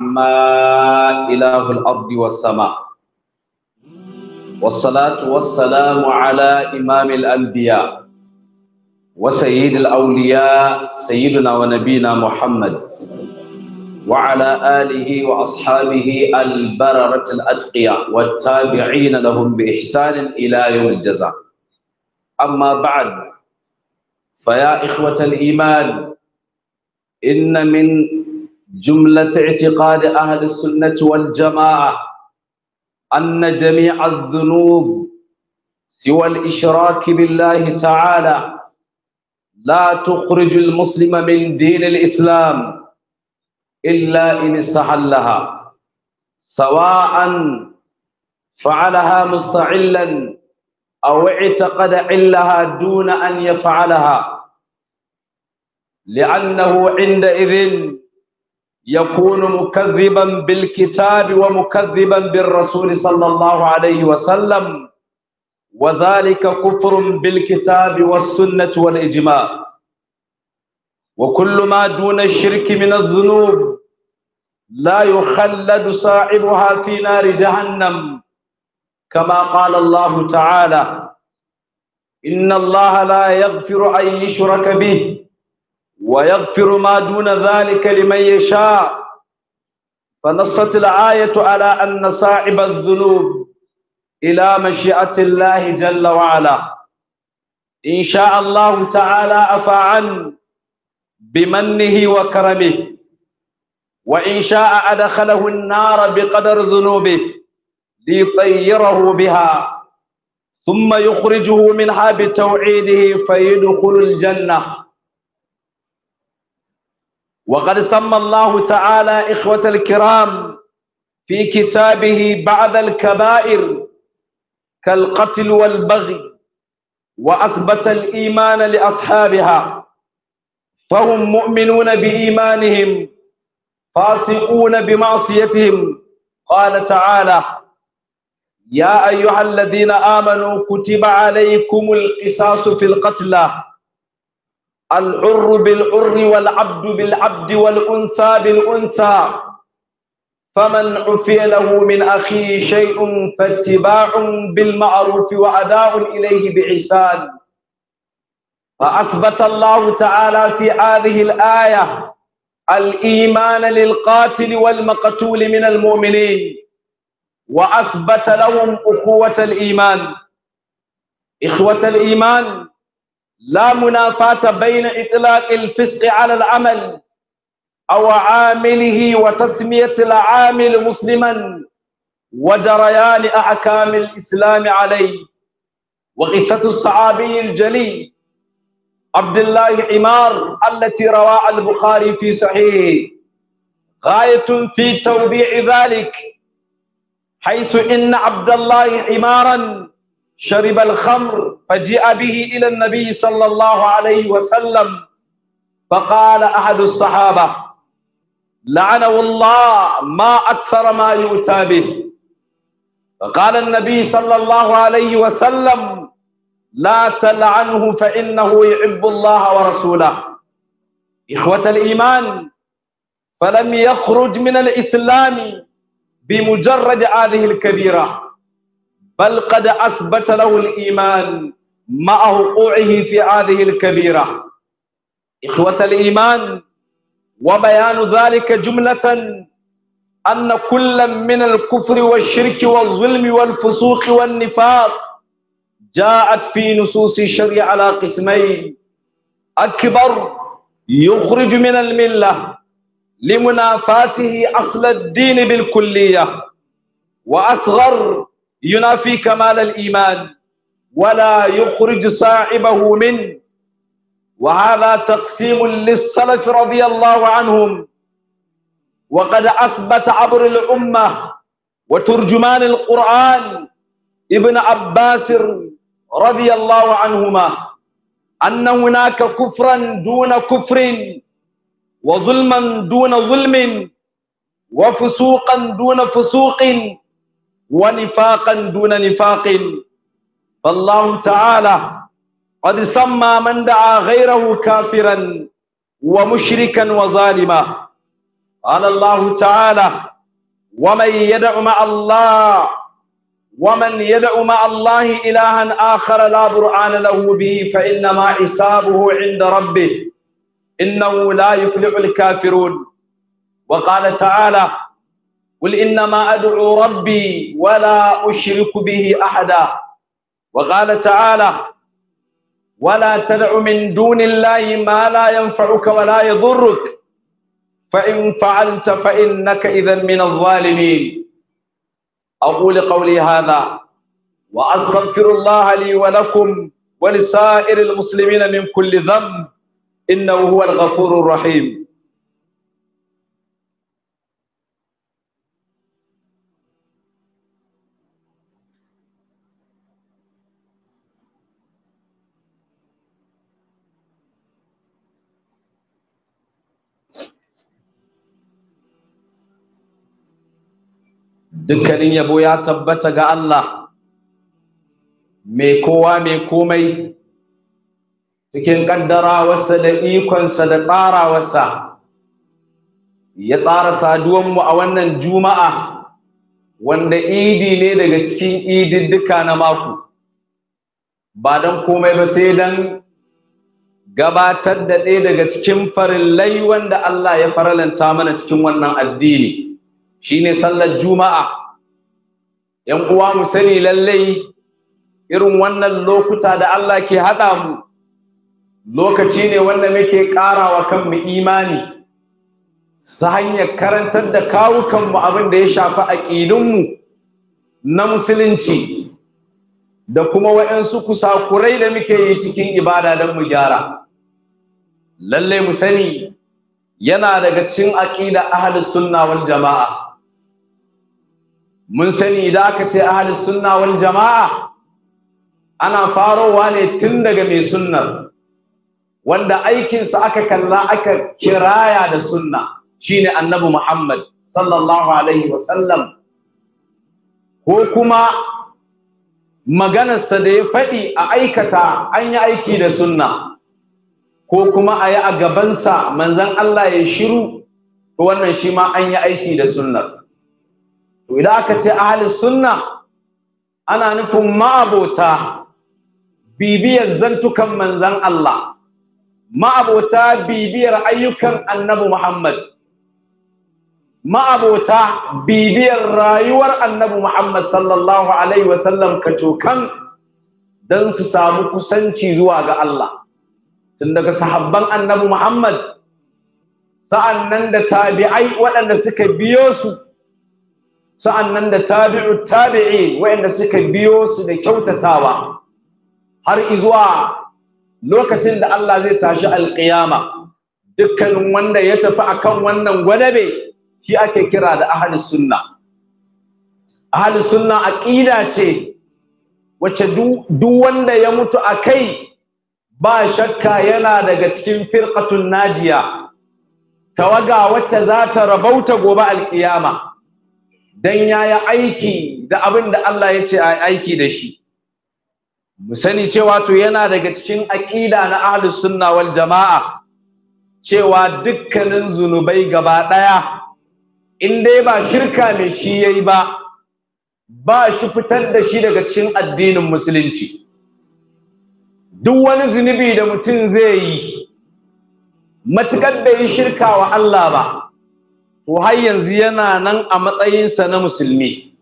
ما إله الأرض والسماء والصلاة والسلام على إمام الأنبياء وسيد الأولياء سيدنا ونبينا محمد وعلى آله وأصحابه البررة الأتقياء والتابعين لهم بإحسان إلى يوم الجزاء أما بعد فيا إخوة الإيمان إن من جملة اعتقاد أهل السنة والجماعة أن جميع الذنوب سوى الإشراك بالله تعالى لا تخرج المسلم من دين الإسلام إلا إن استحلها سواء فعلها مستعلا أو اعتقد علها دون أن يفعلها لأنه عندئذ يكون مكذبا بالكتاب ومكذبا بالرسول صلى الله عليه وسلم وذلك كفر بالكتاب والسنة والإجماع وكل ما دون الشرك من الذنوب لا يخلد صاحبها في نار جهنم كما قال الله تعالى إن الله لا يغفر أن يشرك به ويغفر ما دون ذلك لمن يشاء فنصت الآية على أن صاحب الذنوب إلى مشيئة الله جل وعلا إن شاء الله تعالى عفا عنه بمنه وكرمه وإن شاء أدخله النار بقدر ذنوبه ليطيره بها ثم يخرجه منها بتوعيده فيدخل الجنة وقد سمى الله تعالى إخوة الكرام في كتابه بعض الكبائر كالقتل والبغي وأثبت الإيمان لأصحابها فهم مؤمنون بإيمانهم فاسقون بمعصيتهم قال تعالى يا أيها الذين آمنوا كتب عليكم القصاص في القتلى الحر بالحر والعبد بالعبد والأنثى بالأنثى فمن عفي له من أخيه شيء فاتباع بالمعروف وأداء إليه بعسان فأثبت الله تعالى في هذه الآية الإيمان للقاتل والمقتول من المؤمنين وأثبت لهم أخوة الإيمان إخوة الإيمان لا منافاة بين إطلاق الفسق على العمل أو عامله وتسمية العامل مسلما وجريان أحكام الإسلام عليه وقصة الصحابي الجليل عبد الله عمار التي روى البخاري في صحيحه غاية في توبيع ذلك حيث إن عبد الله عمارا شرب الخمر فجاء به إلى النبي صلى الله عليه وسلم فقال أحد الصحابة لعنه الله ما أكثر ما يؤتى به فقال النبي صلى الله عليه وسلم لا تلعنه فإنه يحب الله ورسوله إخوة الإيمان فلم يخرج من الإسلام بمجرد هذه الكبيرة بل قد أثبت له الإيمان مع وقوعه في هذه الكبيرة إخوة الإيمان وبيان ذلك جملة أن كل من الكفر والشرك والظلم والفسوق والنفاق جاءت في نصوص الشرع على قسمين أكبر يخرج من الملة لمنافاته أصل الدين بالكلية وأصغر ينافي كمال الإيمان ولا يخرج صاحبه منه وهذا تقسيم للسلف رضي الله عنهم وقد أثبت عبر الأمة وترجمان القرآن ابن عباس رضي الله عنهما أن هناك كفرا دون كفر وظلما دون ظلم وفسوقا دون فسوق ونفاقا دون نفاق فالله تعالى قد سمى من دعا غيره كافرا ومشركا وظالما قال الله تعالى ومن يدع مع الله ومن يدع مع الله إلها آخر لا برهان له به فإنما حسابه عند ربه إنه لا يفلح الكافرون وقال تعالى قل إنما أدعو ربي ولا أشرك به أحدا وقال تعالى ولا تدع من دون الله ما لا ينفعك ولا يضرك فإن فعلت فإنك إذا من الظالمين أقول قولي هذا وأستغفر الله لي ولكم ولسائر المسلمين من كل ذنب إنه هو الغفور الرحيم dukkanin yabo ya tabbata ga Allah mai kowa mai komai cikin ƙaddarawarsa da ikonsa da tsara tsarawarsa ya tsara saduwanmu a wannan juma'a wanda idi ne daga cikin idin duka na mako ba don komai ba sai don gabatar da ɗaya daga cikin farillai wanda Allah ya faralanta mana cikin wannan addini shine sallar juma'a ‘yan uwa mu sani lallai irin wannan lokuta da Allah ke haɗa mu lokaci ne wanda muke ƙarawa kanmu imani ta hanyar karantar da kawukanmu abin da ya shafi aƙidunmu na musulunci da kuma waɗansu kurai da muke yi cikin ibada don mu gyara lallai mu sani yana daga cikin aƙida ahalus sunna wal jama'a mun sani idan aka ce ahli sunna wal jama'a ana farowa ne tun daga mai sunnar wanda aikinsa aka kalla aka kiraya da sunna shine annabi Muhammad sallallahu alaihi wasallam ko kuma maganarsa da ya faɗi a aikata an yi aiki da sunna ko kuma a yi a gabansa manzan Allah ya shiru to wannan shi ma an yi aiki da sunnar to idan aka ce ahli sunna ana nufin ma'abota bibiyar zantukan manzan Allah ma'abota bibiyar ayyukan annabi Muhammad ma'abota bibiyar rayuwar annabi Muhammad sallallahu alaihi wasallam kacokan don su samu kusanci zuwa ga Allah tun daga sahabban annabi Muhammad sa'an nan da tabi'ai waɗanda suka biyo su sa'annan da tabi'u tabi'i wa'anda suka biyo su da kyautatawa har izuwa lokacin da Allah zai tashi alƙiyama dukkanin wanda ya tafi akan wannan gwadabe shi ake kira da ahli sunna ahli sunna aƙida ce wacce duk wanda ya mutu akai ba shakka yana daga cikin firƙatun najiya tawaga wacce za ta rabauta gobe alƙiyama dan yi aiki da abin da Allah ya ce a aiki da shi mu sani cewa to yana daga cikin aƙida na ahlus sunna wal jama'a cewa dukkanin zunubai gaba daya in dai ba shirka mai shi yayi ba ba shi fitar da shi daga cikin addinin musulunci duk wani zunubi da mutum zai yi matukar bai yi shirka wa Allah ba to har yanzu yana nan a matsayinsa na musulmi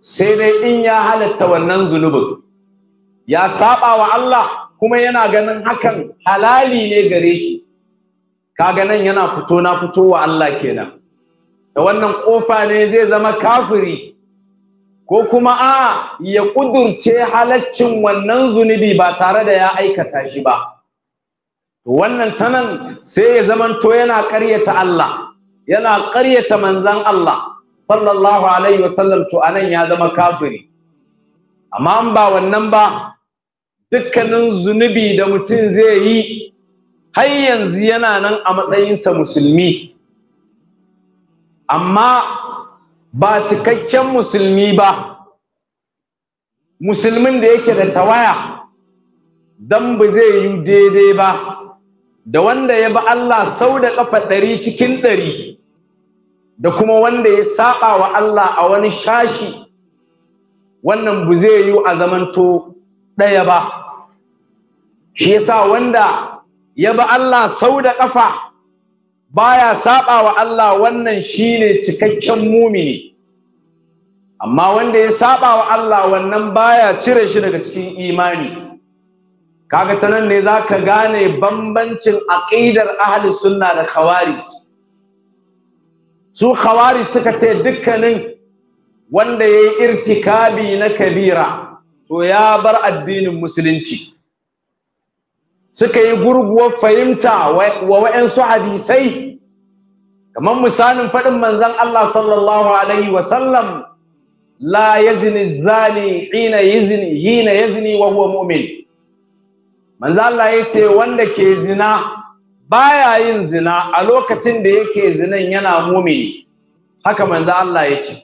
sai dai in ya halatta wannan zunubin ya saba wa Allah kuma yana ganin hakan halali ne gare shi kaga nan yana fito na fito wa Allah kenan da wannan kofa ne zai zama kafiri ko kuma a ya kudurce halaccin wannan zunubi ba tare da ya aikata shi ba wannan tanan sai ya zamanto yana ƙaryata Allah yana ƙaryata manzan Allah sallallahu alaihi wasallam to anan ya zama kafiri amma an ba wannan ba dukkanin zunubi da mutum zai yi har yanzu yana nan a matsayinsa musulmi amma ba cikakken musulmi ba musulmin da yake da tawaya dan ba zai yi daidai ba da wanda ya bi Allah sau da ƙafa ɗari cikin ɗari da kuma wanda ya saba wa Allah a wani shashi wannan bu zai yi a zamanto ɗaya ba shi yasa wanda ya bi Allah sau da ƙafa baya saba wa Allah wannan shine cikakken mumini amma wanda ya saba wa Allah wannan baya cire shi daga cikin imani kaga ta nan ne zaka gane bambancin aqidar ahli sunna da khawarij su khawari suka ce dukkanin wanda ya yi irtikabi na kabira to ya bar addinin musulunci suka yi gurguwar fahimta wa wa'yansu hadisai kamar misalin faɗin manzon Allah sallallahu alaihi wasallam la yazni zani hina yazni hina yazni wa huwa mu'min manzo Allah yace wanda ke zina baya yin zina a lokacin da yake zinan yana mumini haka manzo Allah ya ce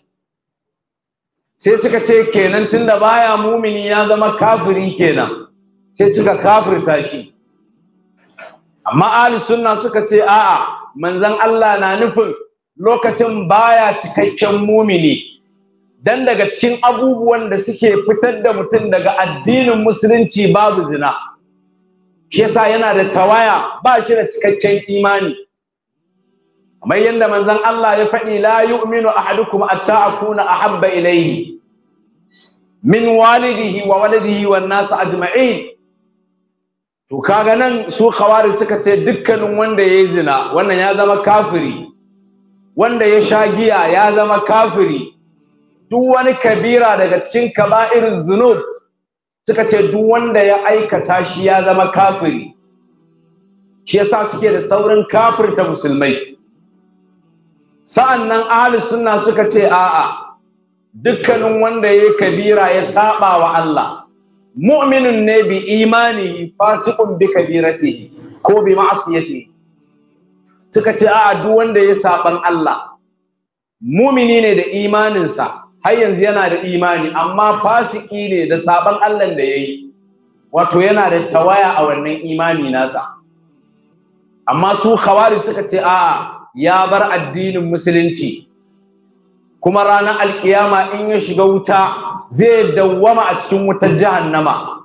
sai suka ce kenan tunda baya mumini ya zama kafiri kenan sai suka kafirta shi amma ahli sunna suka ce a'a manzon Allah na nufin lokacin baya cikakken mumini dan daga cikin abubuwan da suke fitar da mutum daga addinin musulunci babu zina shi yasa yana da tawaya ba shi da cikakken imani kamar yadda manzon Allah ya faɗi la yu'minu ahadukum hatta akuna ahabba ilayhi min walidihi wa waladihi wan nas ajma'in to kaga nan su khawari suka ce dukkanin wanda yayi zina wannan ya zama kafiri wanda ya sha giya ya zama kafiri duk wani kabira daga cikin kaba'irin zunub suka ce duk wanda ya aikata shi ya zama kafiri shi yasa suke da saurin kafirta musulmai sa'an nan sunna suka ce a'a dukkanin wanda ya kabira ya saba wa Allah mu'minun ne bi imani fasiqun bi kabiratihi ko bi ma'asiyatihi suka ce a'a duk wanda ya saban Allah mumini ne da imaninsa har yanzu yana da imani amma fasiki ne da saban Allah da yayi wato yana da tawaya a wannan imani nasa amma su khawari suka ce a'a ya bar addinin musulunci kuma ranar alkiyama in ya shiga wuta zai dawwama a cikin wutar jahannama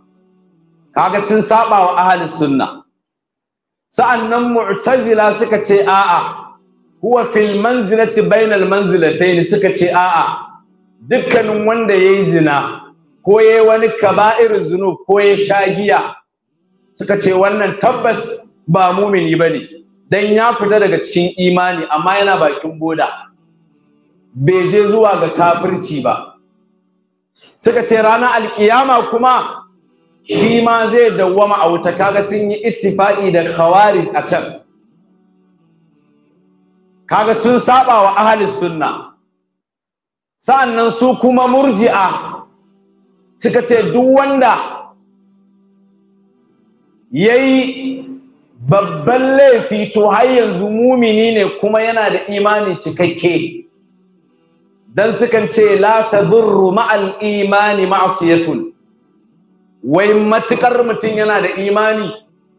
kaga sun saba wa ahlus sunna sa'annan mu'tazila suka ce a'a huwa fil manzilati bainal manzilatayn suka ce a'a dukkanin wanda ya yi zina ko ya yi wani kaba'ir zinu ko ya sha giya suka ce wannan tabbas ba mumini ba ne don ya fita daga cikin imani amma yana bakin boda bai je zuwa ga kafirci ba suka ce ranar alkiyama kuma shi ma zai dawwama a wuta kaga sun yi ittifa'i da kawari a can kaga sun saba wa ahalis sunna sa'annan su kuma murji'a suka ce duk wanda yayi babban laifi to har yanzu mumini ne kuma yana da imani cikakke dan sukan ce la tadurru ma'al imani ma'siyatun wai matukar mutum yana da imani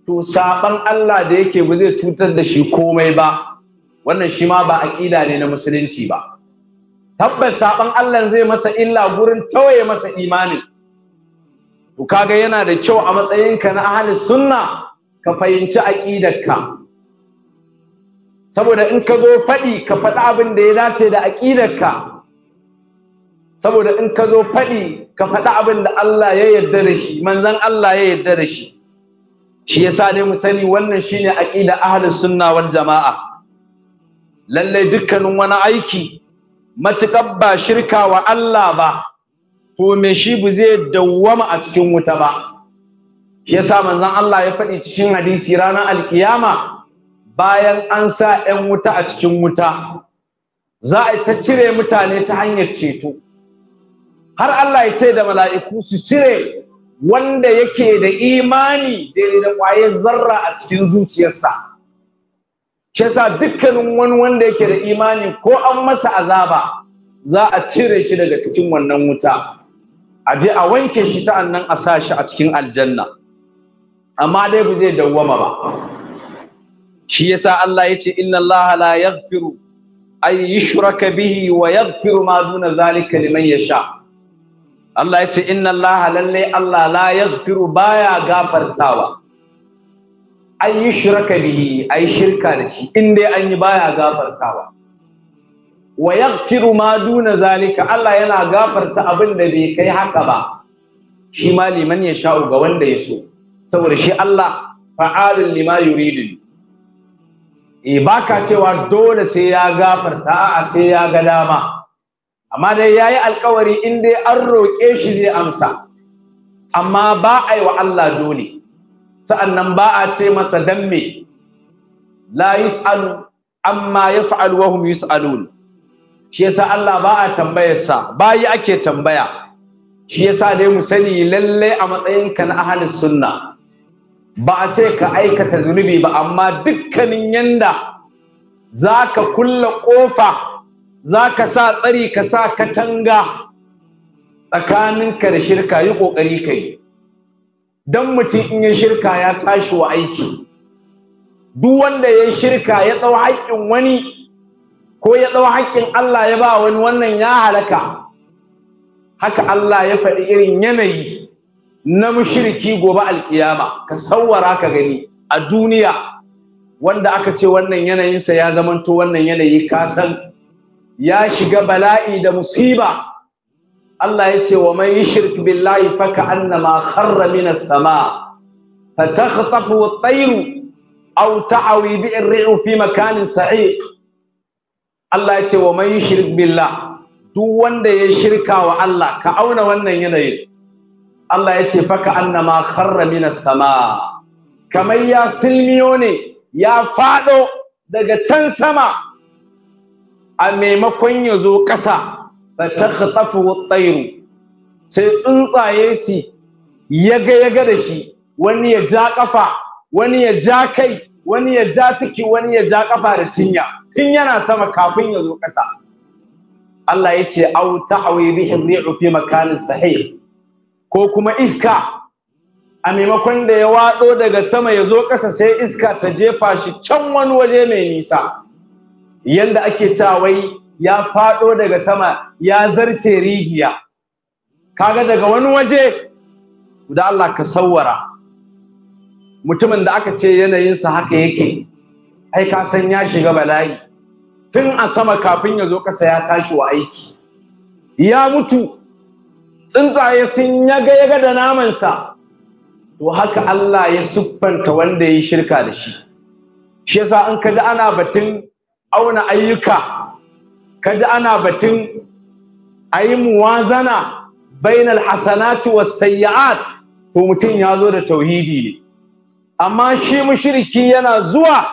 to saban Allah da yake ba zai cutar da shi komai ba wannan shi ma ba aqida ne na musulunci ba tabbas saban Allah zai masa illa gurin tawaye masa imanin to kaga yana da kyau a matsayinka na ahli sunna ka fahimci aqidarka saboda in ka zo faɗi ka faɗi abin da ya dace da aqidarka saboda in ka zo faɗi ka faɗi abin da Allah ya yarda da shi manzon Allah ya yarda da shi shi yasa ne mu sani wannan shine aqida ahlus sunna wal jamaa lalle dukkanin wani aiki matukar ba shirka wa Allah ba to me shi bu zai dawwama a cikin wuta ba yasa manzon Allah ya faɗi cikin hadisi ranar alkiyama bayan an sa 'yan wuta a cikin wuta za a ta cire mutane ta hanyar ceto har Allah ya ce da mala'iku su cire wanda yake da imani da ƙwayar zarra a cikin zuciyarsa shi yasa dukkanin wani wanda yake da imani ko an masa azaba za a cire shi daga cikin wannan wuta a je a wanke shi sa'an nan a sa shi a cikin aljanna amma dai ba zai dawwama ba shi yasa Allah yace inna Allah la yaghfiru ay yushraka bihi wa yaghfiru ma duna zalika liman yasha Allah yace inna Allah lalle Allah la yaghfiru baya gafartawa an yi shirka bihi ai shirka da shi in dai an yi baya gafartawa wa yaghfiru ma duna zalika Allah yana gafarta abin da bai kai haka ba shi ma liman ya sha'u ga wanda ya so saboda shi Allah fa'alun lima yuridu e eh, baka cewa dole sai ya gafarta a'a sai ya ga dama amma dai yayi alkawari in dai an roƙe shi zai amsa amma ba ai wa Allah dole sa'annan ba a ce masa dan me la yus'alu amma yaf'al wa hum yus'alun shi yasa Allah ba a tambayarsa bayi ake tambaya shi yasa dai mu sani lalle a matsayinka na ahlus sunna ba a ce ka aikata zunubi ba amma dukkanin yanda zaka kulla kofa zaka sa tsari ka sa katanga tsakaninka da shirka yi kokari kai dan mutum in ya shirka ya tashi wa aiki duk wanda ya shirka ya ɗau haƙƙin wani ko ya ɗau haƙƙin Allah ya ba wani wannan ya halaka haka Allah ya faɗi irin yanayi na mushriki gobe alkiyama ka sawwara ka gani a duniya wanda aka ce wannan yanayinsa ya zamanto wannan yanayi ka san ya shiga bala'i da musiba Allah ya ce wa man yushrik billahi fa annama kharra sama fa takhtafu at-tayr aw ta'awi bi ar fi makanin sa'iq Allah ya ce wa man yushrik billah duk wanda ya shirka wa Allah ka auna wannan yanayin Allah ya ce faka annama kharra sama kamar ya silmiyo ne ya fado daga can sama a maimakon ya zo ƙasa fatakhtafu at-tayr sai tsuntsaye su yaga yaga da shi wani ya ja kafa wani ya ja kai wani ya ja ciki wani ya ja kafa da cinya tun yana sama kafin ya zo kasa Allah ya ce au ta'awi bihi ri'u fi makanin sahih ko kuma iska a maimakon da ya wado daga sama ya zo ƙasa sai iska ta jefa shi can wani waje mai nisa yanda ake cewa wai ya faɗo daga sama ya zarce rijiya kaga daga wani waje da Allah ka sawwara mutumin da aka ce yanayinsa haka yake ai ka san ya shiga bala'i tun a sama kafin ya zo ƙasa ya tashi wa aiki ya mutu tsuntsaye sun yaga yaga da namansa to haka Allah ya siffanta wanda ya shirka da shi shi yasa in ka ji ana batun auna ayyuka kaji ana batun a yi muwazana bainal hasanati was sayyi'at to mutum ya zo da tauhidi ne amma shi mushriki yana zuwa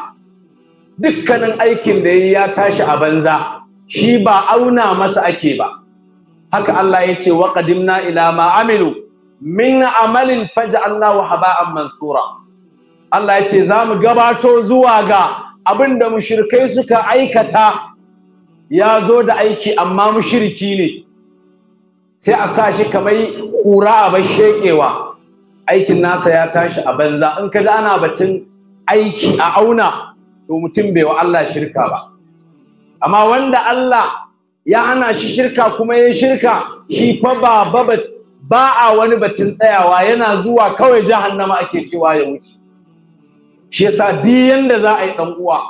dukkanin aikin da ya tashi a banza shi ba auna masa ake ba haka Allah ya ce wa qadimna ila ma amilu min amalin faj'alnahu haba'an mansura Allah ya ce mu gabato zuwa ga abinda mushrikai suka aikata ya zo da aiki amma mushiriki ne sai a sa shi kamar kura a bar shekewa aikin nasa ya tashi a banza in ka ji ana batun aiki a auna to mutum bai wa Allah shirka ba amma wanda Allah ya ana shi shirka kuma ya shirka shi fa ba ba ba a wani batun tsayawa yana zuwa kawai jahannama ake cewa ya wuce shi yasa duk yanda za a yi dan uwa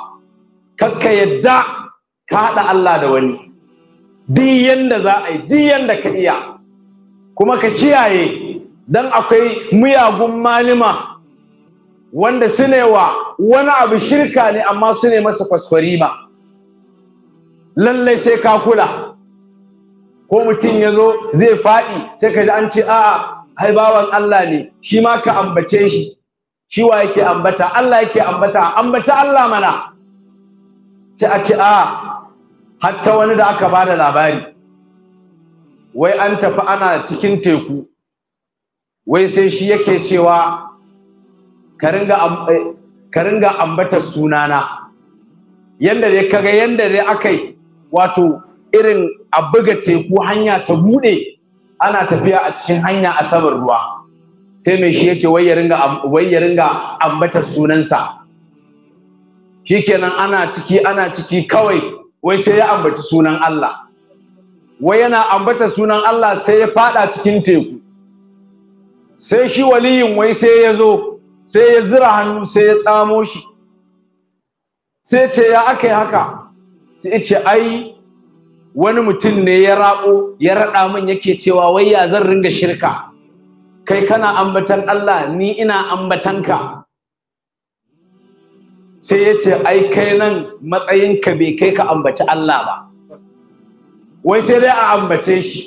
kakka yadda ka haɗa Allah da wani duk yanda za a yi duk yanda ka iya kuma ka kiyaye dan akwai muyagun malima wanda su ne wa wani abu shirka ne amma su ne masa kwaskwari ba lallai sai ka kula ko mutum ya zo zai faɗi sai ka ji an ce a'a hai bawan Allah ne shi ma ka ambace shi shi wa yake ambata Allah yake ambata ambata Allah mana sai a ce a'a. hatta wani da aka ba da labari wai an tafi ana cikin teku wai sai shi yake cewa ka ringa eh, ambatar sunana yanda dai kaga yanda dai akai wato irin a buga teku hanya ta bude ana tafiya a cikin hanya a saman ruwa sai mai shi yace ya ringa wai ya ringa ambatar sunansa shikenan ana ciki ana ciki kawai wai sai ya ambaci sunan Allah wai yana ambata sunan Allah sai ya fada cikin teku sai shi waliyin wai sai ya zo sai ya zira hannu sai ya tsamo shi sai ce ya aka haka sai ce ai wani mutum ne ya raɓo ya raɗa min yake cewa wai ya zan ringa shirka kai kana ambatan Allah ni ina ambatanka. ka sai ya ce ai kai nan matsayinka bai kai ka ambaci Allah ba wai sai dai a ambace shi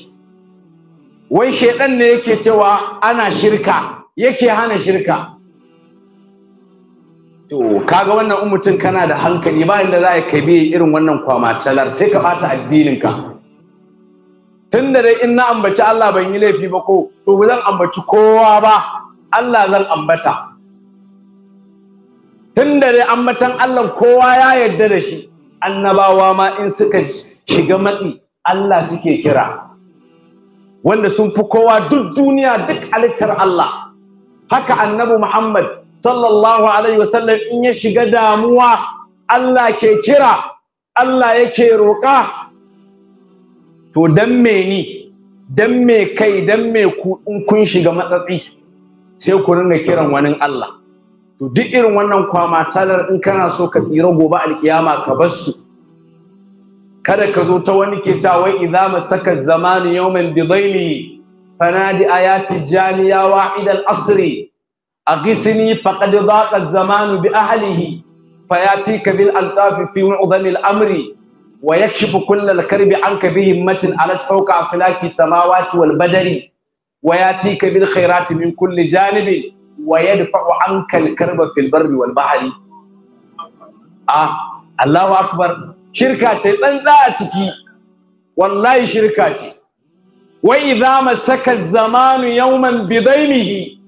wai shaidan ne yake cewa ana shirka yake hana shirka to kaga wannan mutum kana da hankali ba inda za ka bi irin wannan talar sai ka bata addininka tun da dai in na ambaci Allah ban yi laifi ba ko to zan ambaci kowa ba Allah zan ambata tun da dai ambatan Allah kowa ya yarda da shi annabawa ma in suka shiga matsi Allah suke kira wanda sun fi kowa duk duniya duk halittar Allah haka annabi Muhammad sallallahu alaihi wasallam in ya shiga damuwa Allah ke kira Allah yake roƙa to dan me ni dan me kai dan me ku in kun shiga matsatsi sai ku ringa kiran wani Allah to duk irin wannan kwama talar in kana so ka tsira gobe alkiyama ka bar su kada ka zo ta wani ke ta wai idza masaka zamanu yawman bidaili fanadi ayati janiya wahid al-asri aghisni faqad daqa zamanu bi ahlihi fayatika bil altafi fi mu'dham al-amri wa yakshifu kull al-karbi anka bi himmatin alat fawqa aflaki samawati wal badari وياتيك khairati min kulli janibin wa yadfa'u ankal karba fil barri wal bahri ah Allahu akbar shirka ce tsantsa a ciki wallahi shirka ce wa idza masaka zamanu yawman bidaimihi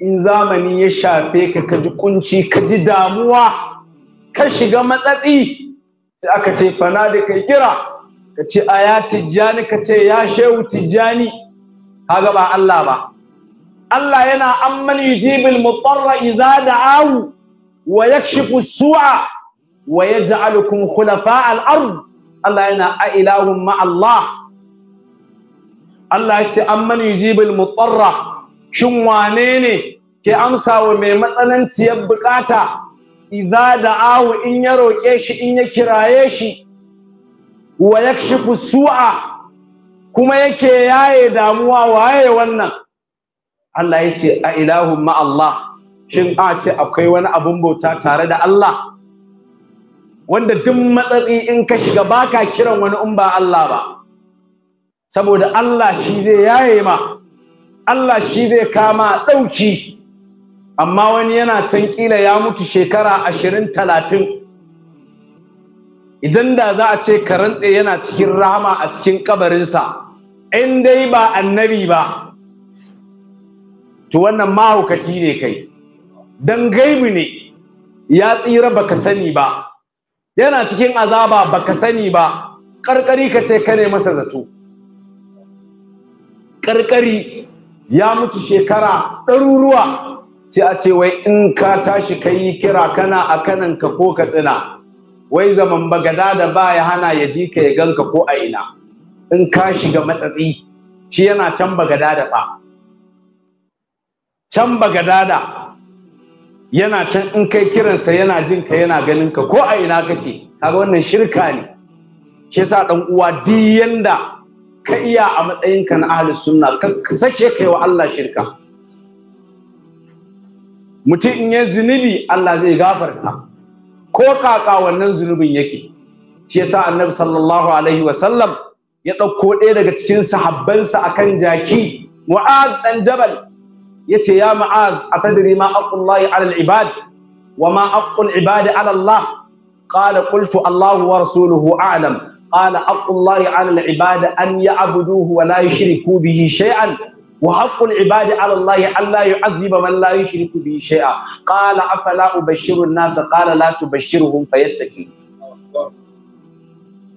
in zamani ya shafe ka ka ji kunci ka ji damuwa ka shiga matsatsi sai aka ce fana da kai kira ka ce aya tijjani ka ce ya shehu tijjani kaga ba Allah ba Allah yana amman yujibul mutarra idza da'ahu wa yakshifu su'a wa yaj'alukum khulafa' ard Allah yana a ilahun ma Allah Allah ya ce amman yujibul mutarra shin wane ne ke amsa wa mai matsananciyar bukata idza da'ahu in ya roke shi in ya kiraye shi wa yakshifu su'a kuma yake yaye damuwa waye wannan Allah ya ce a ilahun ma'Allah Allah shin a ce akwai wani abun bauta tare da Allah wanda duk matsatsi in ka shiga baka kiran wani in ba Allah ba saboda Allah shi zai yaye ma Allah shi zai kama ɗauki amma wani yana can ƙila ya mutu shekara ashirin talatin idan da za a ce karantse yana cikin rama a cikin kabarinsa in dai ba annabi ba to wannan mahaukaci ne kai dan gaibu ne ya tsira baka sani ba yana cikin azaba baka sani ba Ƙarƙari ka ce kane masa zato Ƙarƙari ya mutu shekara ɗaruruwa sai a ce wai in ka tashi ka yi kira kana a kanan ka ko ka tsina wai zaman bagada da ba ya hana ya ji ka ya ganka ko a ina in ka shiga matsatsi shi yana can bagada da ba can bagadada yana can in kai kiransa yana jin ka yana ganin ka ko a ina kake kaga wannan shirka ne shi yasa dan uwa duk yanda ka iya a matsayinka na ahli sunna ka sake kai wa Allah shirka mutum in ya zunubi Allah zai gafarta ko kaka wannan zunubin yake shi yasa annabi sallallahu alaihi wa sallam ya ɗauko ɗaya daga cikin sahabbansa akan jaki wa'ad dan jabal yace ya ma'az atadri ma aqullahi ala al'ibad wa ma aqul ibadi ala Allah Allahu qultu Allah wa rasuluhu a'lam qala aqullahi ala al'ibad an ya'buduhu wa la yushriku bihi shay'an wa aqul ibadi ala Allah an la yu'adhiba man la yushriku bihi shay'a qala afala ubashshiru an-nas qala la tubashshiruhum fayattaki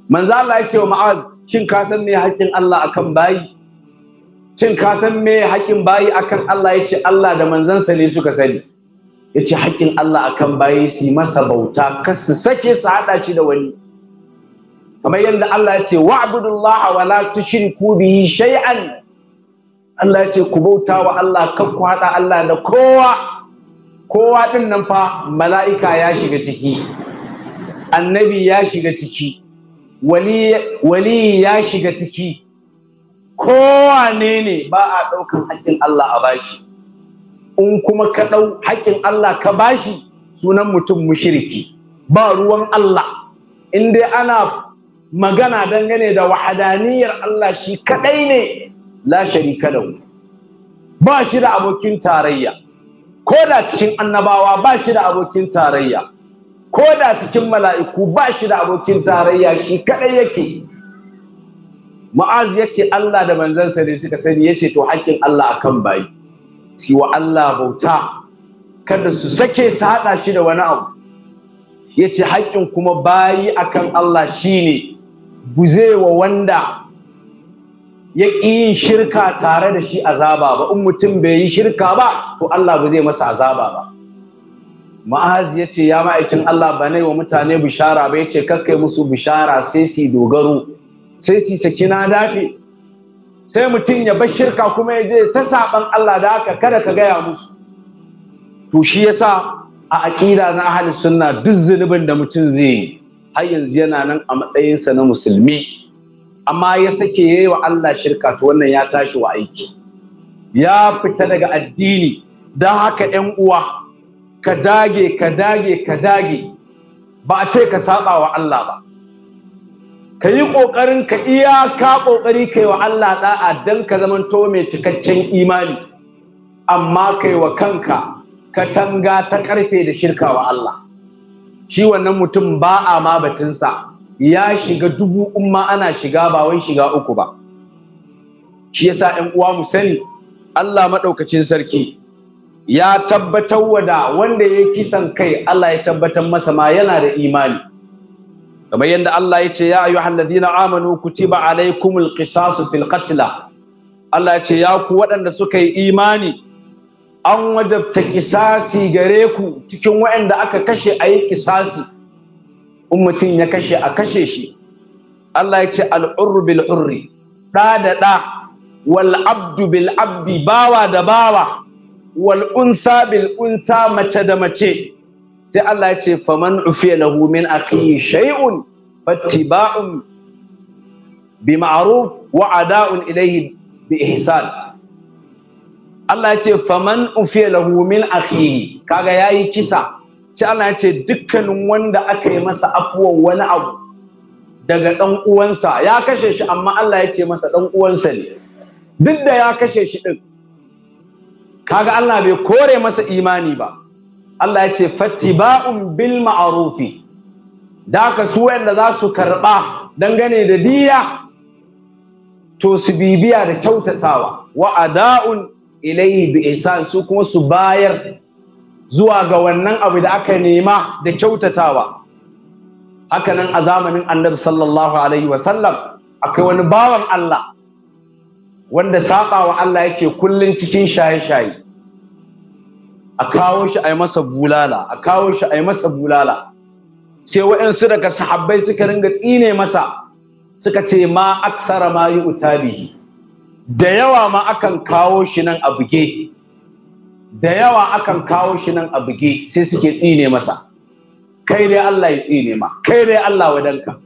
manzo Allah yace wa ma'az kin kasan ne hakkin Allah akan bayi shin ka san me hakkin bayi akan Allah ya ce Allah da manzansa ne suka sani ya ce Allah akan bayi su masa bauta kar su sake su haɗa shi da wani kamar yadda Allah ya ce wa'budullaha wa la tushriku bihi shay'an Allah ya ce ku bauta wa Allah kar ku haɗa Allah da kowa kowa din nan fa mala'ika ya shiga ciki annabi ya shiga ciki wali ya shiga ciki kowane ne ba a ɗaukan haƙƙin Allah a bashi in kuma ka ɗau haƙƙin Allah ka bashi sunan mutum mushriki ba ruwan Allah in dai ana magana dangane da wahadaniyar Allah shi kaɗai ne la sharika lahu ba shi da abokin tarayya ko da cikin annabawa ba shi da abokin tarayya ko da cikin mala'iku ba shi da abokin tarayya shi kaɗai yake Mu'az ya ce Allah da manzansa ne suka sani ya ce to haƙƙin Allah akan bayi shi wa Allah bauta kada su sake su haɗa shi da wani abu ya ce haƙƙin kuma bayi akan Allah shine guzewa wanda ya ƙi yin shirka tare da shi azaba ba in mutum bai yi shirka ba to Allah ba zai masa azaba ba ma'az ya ce ya ma'aikin Allah ba wa mutane bishara ba ya ce kakkai musu bishara sai su dogaro sai su saki na dafi sai mutum ya bar shirka kuma ya je ta saban Allah da haka kada ka gaya musu to shi yasa a aqida na ahli sunna duk zunubin da mutum zai yi har yanzu yana nan a matsayinsa na musulmi amma ya sake yayi wa Allah shirka to wannan ya tashi wa aiki ya fita daga addini don haka ‘yan uwa ka dage ka dage ka dage ba a ce ka saba wa Allah ba ka yi ƙoƙarin ka iya ka ƙoƙari ka wa Allah ɗa'a don ka zama zamanto mai cikakken imani amma ka wa kanka ka tanga ta ƙarfe da shirka wa Allah shi wannan mutum ba a ma batunsa ya shiga dubu umma ana shiga ba wai shiga uku ba shi yasa ƴan uwa mu sani Allah maɗaukacin sarki ya tabbatar wa da wanda ya kisan kai Allah ya tabbatar masa ma yana da imani kamar yadda Allah ya ce ya ayyuhal ladina amanu kutiba alaikumul qisasu fil qatla Allah ya ce ya ku waɗanda suka yi imani an wajabta kisasi gare ku cikin waɗanda aka kashe a yi kisasi in mutum ya kashe a kashe shi Allah ya ce al'urru bil ɗa da ɗa wal abdu bil abdi bawa da bawa wal unsa bil unsa mace da mace sai Allah ya ce faman ufiya lahu min akhihi shay'un fattiba'un bi ma'ruf wa ada'un ilayhi bi ihsan Allah ya ce faman ufiya lahu min akhihi kaga yayi kisa sai Allah ya ce dukkanin wanda aka yi masa afuwan wani abu daga dan uwansa ya kashe shi amma Allah ya ce masa dan uwansa ne duk da ya kashe shi din kaga Allah bai kore masa imani ba Allah ya ce fattiba'un bil ma'rufi da ka su wanda za su karɓa dangane da diya to su bibiya da kyautatawa wa ada'un ilayhi bi ihsan su kuma su bayar zuwa ga wannan abu da aka nema da kyautatawa hakanan a zamanin annabi sallallahu alaihi wasallam akwai wani bawan Allah wanda saba wa Allah yake kullun cikin shaye-shaye a kawo shi a yi masa bulala a kawo shi a yi masa bulala sai waɗansu daga sahabbai suka ringa tsine masa suka ce ma aksara ma yi utabihi da yawa ma akan kawo shi nan a buge da yawa akan kawo shi nan a buge sai suke tsine masa kai dai Allah ya tsine ma kai dai Allah wadanka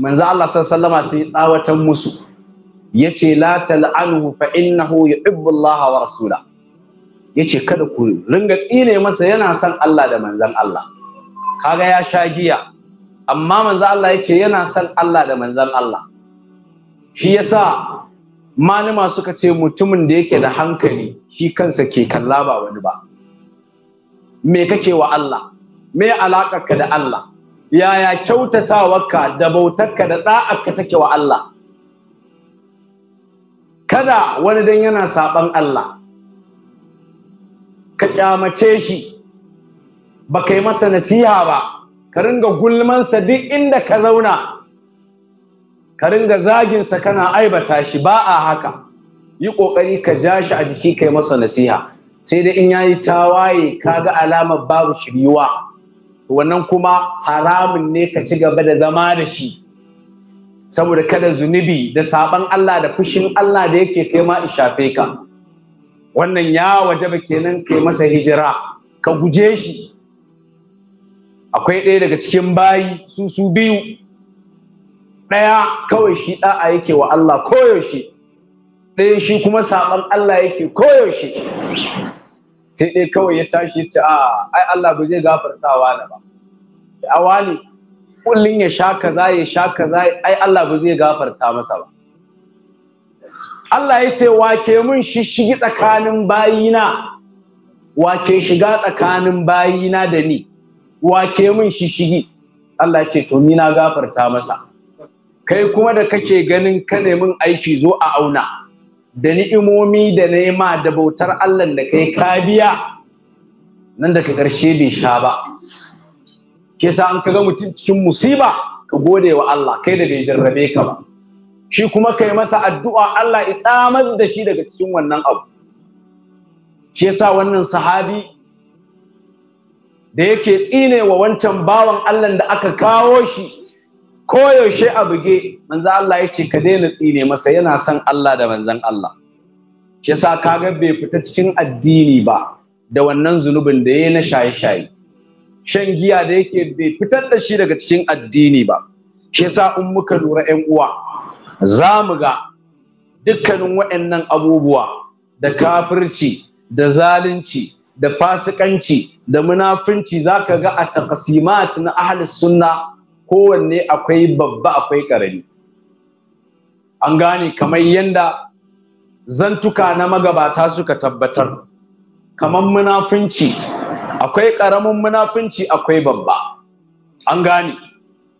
manzo Allah sallallahu alaihi wasallama sai tsawatan musu yace la tal'anhu fa innahu yuhibbu Allah wa rasulahu ya ce kada ku ringa tsine masa yana son Allah da manzan Allah kaga ya sha giya amma manzan Allah ya ce yana son Allah da manzan Allah shi yasa malama suka ce mutumin da yake da hankali shi kansa ke kalla ba wani ba me kake wa Allah me alaƙarka da Allah yaya kyautatawarka da bautarka da ɗa'arka take wa Allah kada wani dan yana saban Allah ka kyamace shi ba yi masa nasiha ba ka ringa sa duk inda ka zauna ka ringa zaginsa kana aibata shi ba a haka yi ƙoƙari ka ja shi a jiki kai masa nasiha sai dai in yayi tawaye ga alamar babu shiryuwa wannan kuma haramun ne ka ci gaba da zama da shi saboda kada zunubi da saban Allah da fushin Allah da yake kai ma shafe ka wannan ya wajaba kenan kai masa hijira ka guje shi akwai ɗaya daga cikin bayi su su biyu ɗaya kawai shi ɗa'a yake wa Allah koyaushe ɗaya shi kuma saɓan Allah yake koyaushe sai ɗaya kawai ya tashi ta a ai Allah ba zai wa na ba awa ne kullum ya sha kaza ya sha kaza ai Allah ba zai gafarta masa ba Allah ya ce wake mun shishigi tsakanin bayina wake shiga tsakanin bayina da ni wake mun shishigi Allah ce to ni na gafarta masa kai kuma da kake ganin ka mun aiki zo a auna da ni'imomi da nema da bautar Allah da kai ka biya nan daga karshe bai sha ba ke sa an ga mutum cikin musiba ka gode wa Allah kai da bai jarrabe ka ba shi kuma ka yi masa addu'a Allah ya tsamar da shi daga cikin wannan abu shi yasa wannan sahabi da yake tsine wa wancan bawan Allah da aka kawo shi koyaushe a buge manzo Allah ya ce ka daina tsine masa yana son Allah da manzon Allah shi yasa kaga bai fita cikin addini ba da wannan zunubin da ya na shaye-shaye shan giya da yake bai fitar da shi daga cikin addini ba shi yasa in muka lura 'yan uwa za mu ga dukkanin waɗannan abubuwa da kafirci da zalunci da fasikanci da munafunci za ka ga a takasimat na Ahlus sunna kowanne akwai babba akwai ƙarami an gane kamar yadda zantuka na magabata suka tabbatar kamar munafunci akwai ƙaramin munafunci akwai babba an gane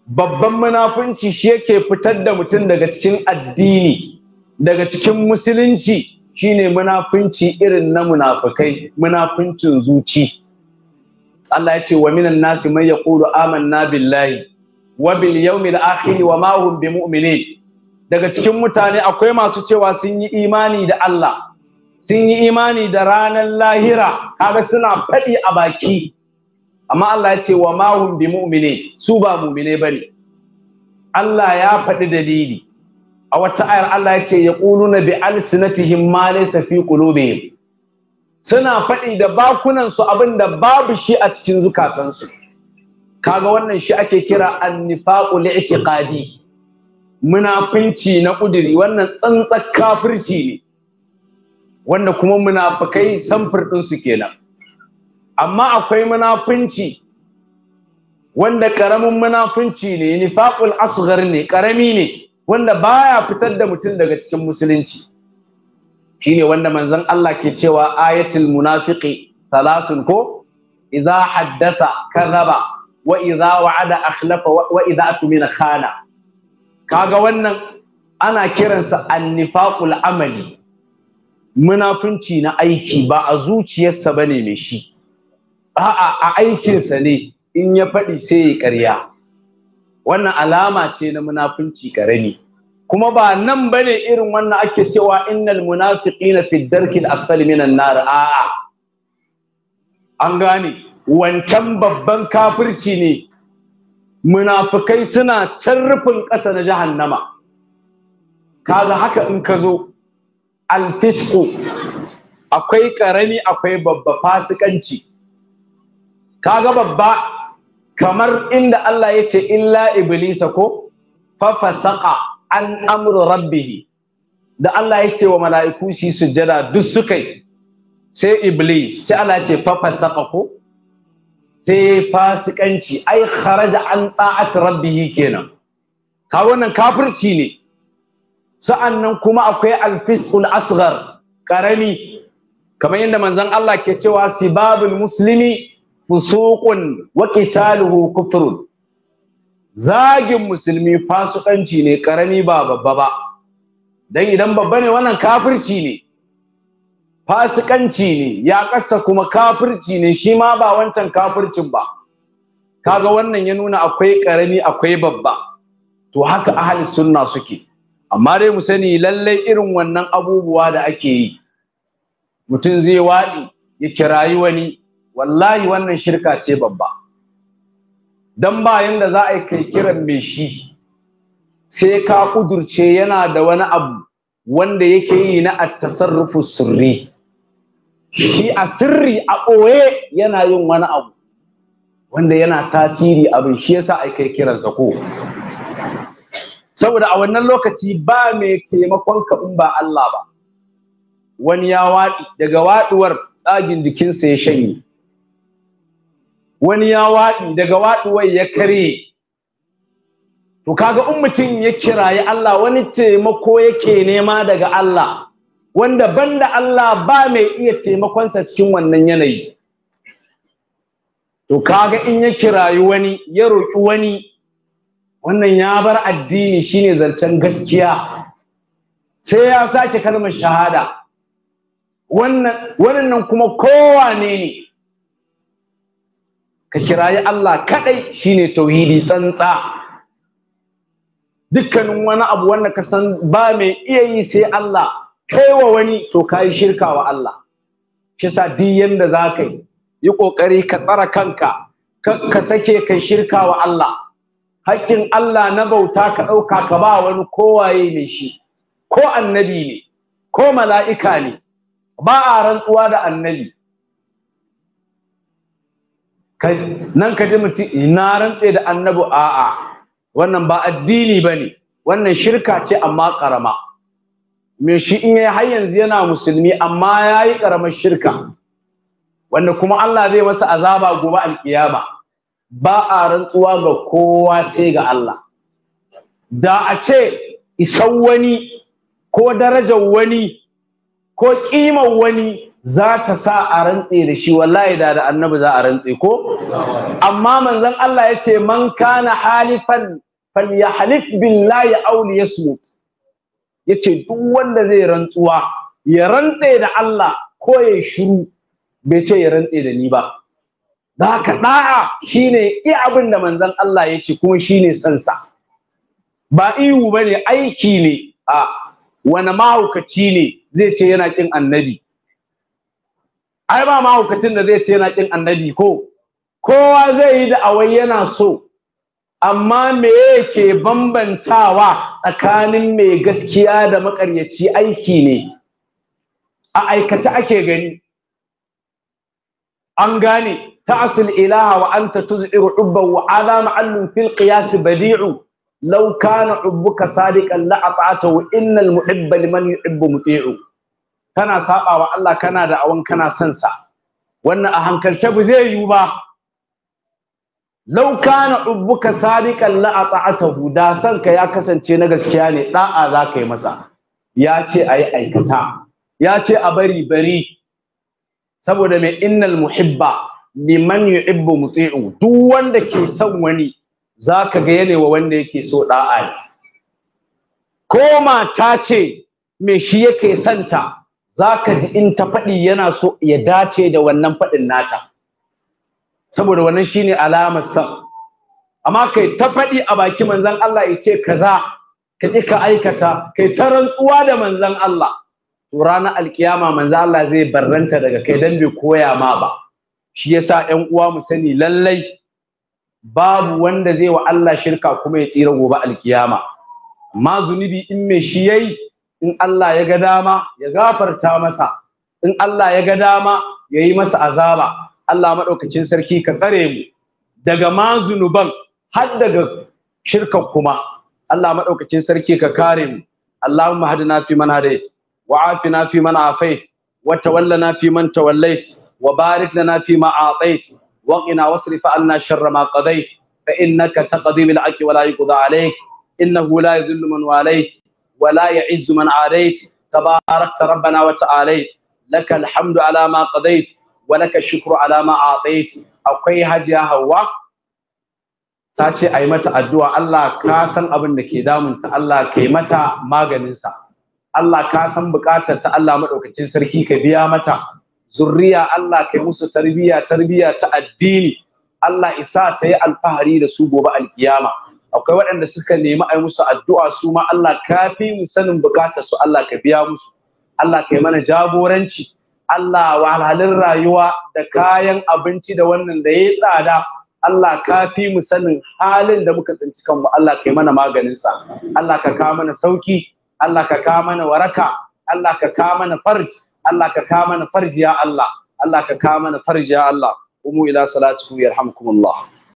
babban munafunci shi yake fitar da mutum daga cikin addini daga cikin musulunci shine munafunci irin na munafukai munafuncin zuci Allah ya ce wa minan nasi man yaqulu amanna billahi wa bil yawmil akhir wa ma hum bimu'minin daga cikin mutane akwai masu cewa sun yi imani da Allah sun yi imani da ranar lahira kaga suna faɗi a baki amma Allah ya ce wa ma hum bi mu'mini su ba mu'mine bane Allah ya faɗi dalili a wata ayar Allah ya ce yaquluna bi alsinatihim ma laysa fi qulubihim suna faɗi da bakunan su abinda babu shi a cikin zukatansu kaga wannan shi ake kira annifaqu li'tiqadi munafinci na ƙudiri wannan tsantsar kafirci ne wanda kuma munafukai samfur ɗinsu kenan amma akwai munafunci wanda karamin munafunci ne nifaqul asghar ne karami ne wanda baya fitar da mutum daga cikin musulunci shine wanda manzon Allah ke cewa ayatul munafiqi salasun ko idza haddasa kadhaba wa idza wa'ada akhlafa wa idza atmina khana kaga wannan ana kiransa annifaqul amali munafunci na aiki ba a zuciyarsa bane mai shi a'a a aikinsa ne in ya faɗi sai ya ƙarya wannan alama ce na munafunci ƙarami kuma ba nan bane irin wannan ake cewa innal munafiqina fi darkil asfali minan nar a'a an gane wancan babban kafirci ne Munafukai suna can rufin ƙasa na jahannama kaga haka in ka zo alfisku akwai ƙarami akwai babba fasikanci kaga babba kamar inda Allah ya ce illa iblisa ko fa fasaqa an amru rabbih da Allah ya ce wa mala'iku shi sujjada duk suka yi sai iblis sai Allah ya ce fa ko sai fasikanci ai kharaja an ta'at rabbih kenan ka wannan kafirci ne sa'annan kuma akwai alfisul fisqul asghar karami kamar yadda manzon Allah ke cewa sibabul muslimi fusuqun wa qitaluhu kufrun zagin musulmi fasikanci ne karami ba babba ba dan idan babba ne wannan kafirci ne fasikanci ne ya kasa kuma kafirci ne shi ma ba wancan kafircin ba kaga wannan ya nuna akwai karami akwai babba to haka ahli sunna suke amma dai mu sani lallai irin wannan abubuwa da ake yi mutum zai waɗi ya kirayi wani wallahi wannan shirka ce babba dan bayan da za a yi kai kiran mai shi sai ka kudurce yana da wani abu wanda yake yi na at sirri shi a sirri a ɓoye yana yin wani abu wanda yana tasiri abin shi yasa a kai kiransa ko saboda a wannan lokaci ba mai taimakon ka in ba Allah ba wani ya waɗi daga waɗuwar tsagin jikinsa ya shanye wani ya waɗi daga waɗuwai ya kare to kaga in mutum ya kiraye Allah wani taimako yake nema daga Allah wanda banda Allah ba mai iya taimakonsa cikin wannan yanayi to kaga in ya kirayi wani ya roƙi wani wannan ya bar addini shine zancen gaskiya sai ya sake kalmar shahada wannan wannan kuma kowane ne ka kirayi Allah kadai shine tauhidi tsantsa dukkanin wani abu wanda ka san ba mai iya yi sai Allah kaiwa wani to ka shirka wa Allah shi sa duk yanda za yi yi ƙoƙari ka tsara kanka ka sake kai shirka wa Allah hakkin Allah na bauta ka ɗauka ka ba wani kowaye ne shi ko annabi ne ko mala'ika ne ba a rantsuwa da annabi nan ka ji mutum ina rantse da annabi a'a wannan ba addini bane wannan shirka ce amma karama me shi in yayi har yanzu yana musulmi amma ya yi karamar shirka wanda kuma Allah zai masa azaba gobe alkiyama ba a rantsuwa ga kowa sai ga Allah da a ce isan wani ko darajar wani ko kimar wani za ta sa a rantse da shi wallahi da da annabi za a rantse ko amma manzon Allah ya ce man kana halifan falyahlif billahi aw liyasmut yace duk wanda zai rantsuwa ya rantse da Allah ko ya shiru bai ce ya rantse da ni ba da haka da'a shine iya abin da manzon Allah ya ce kuma shine sansa ba ihu bane aiki ne a wani mahaukaci ne zai ce yana kin annabi ai ba mahaukacin da zai ce yana kin annabi ko kowa zai yi da awai yana so amma me yake bambantawa tsakanin mai gaskiya da makaryaci aiki ne a aikace ake gani an gane ta asul ilaha wa anta tuzhiru ubban wa ala ma'allun fil qiyas badi'u law kana ubbuka sadiqan la ata'atu innal muhibba liman yuhibbu muti'u kana saba wa Allah kana da awan kana son sa wannan a hankalce bu zai yiwu ba law kana ubbuka sadiqan la ata'atahu da san ka ya kasance na gaskiya ne da'a za ka yi masa ya ce ayi aikata ya ce a bari bari saboda mai innal muhibba liman yuhibbu muti'u duk wanda ke son wani zaka ga wa wanda yake so da'a ko mata ce me shi yake santa zaka ji in ta faɗi yana so ya dace da wannan faɗin nata saboda wannan shine alamar san amma kai ta faɗi a baki manzon Allah ya ce kaza ka ji ka aikata kai ta rantsuwa da manzon Allah to ranar alkiyama manzon Allah zai barranta daga kai dan bai koya ma ba shi yasa ƴan uwa mu sani lallai babu wanda zai wa Allah shirka kuma ya tsira gobe alkiyama amma zunubi in me shi yayi in Allah ya ga dama ya gafarta masa in Allah ya ga dama ya yi masa azaba Allah maɗaukacin sarki ka tsare mu daga ma zunuban har daga shirkan kuma Allah maɗaukacin sarki ka kare mu Allahumma hadina fi man hadait wa afina fi man afait wa tawallana fi man tawallait wa barik lana fi ma atait wa qina wasrif anna sharra ma qadait fa innaka taqdi bil haqqi wa la yuqda alayk innahu la yudhillu man walayt ولا يعز من عاديت تباركت ربنا وتعاليت لك الحمد على ما قضيت ولك الشكر على ما أعطيت أقوي هجيا هوا تاتي أي متى الدعاء الله كاسن أبن نكي دامنت الله كي متى ما جنسا الله كاسن بكاتة الله مدوك تنسركي كبيا متى zurriya Allah kai musu tarbiya tarbiya ta addini Allah isa ta yi alfahari da su gobe alkiyama akwai waɗanda suka nemi a yi musu addu'a su ma Allah ka fi mu sanin bukatar su Allah ka biya musu Allah ka yi mana jagoranci Allah wahalhalin rayuwa da kayan abinci da wannan da ya tsada Allah ka fi mu sanin halin da muka tsinci kanmu Allah ka yi mana maganinsa Allah ka ka mana sauki Allah ka ka mana waraka Allah ka ka mana farji Allah ka ka mana farji ya Allah Allah ka ka mana farji ya Allah umu ila salatu yarhamkumullah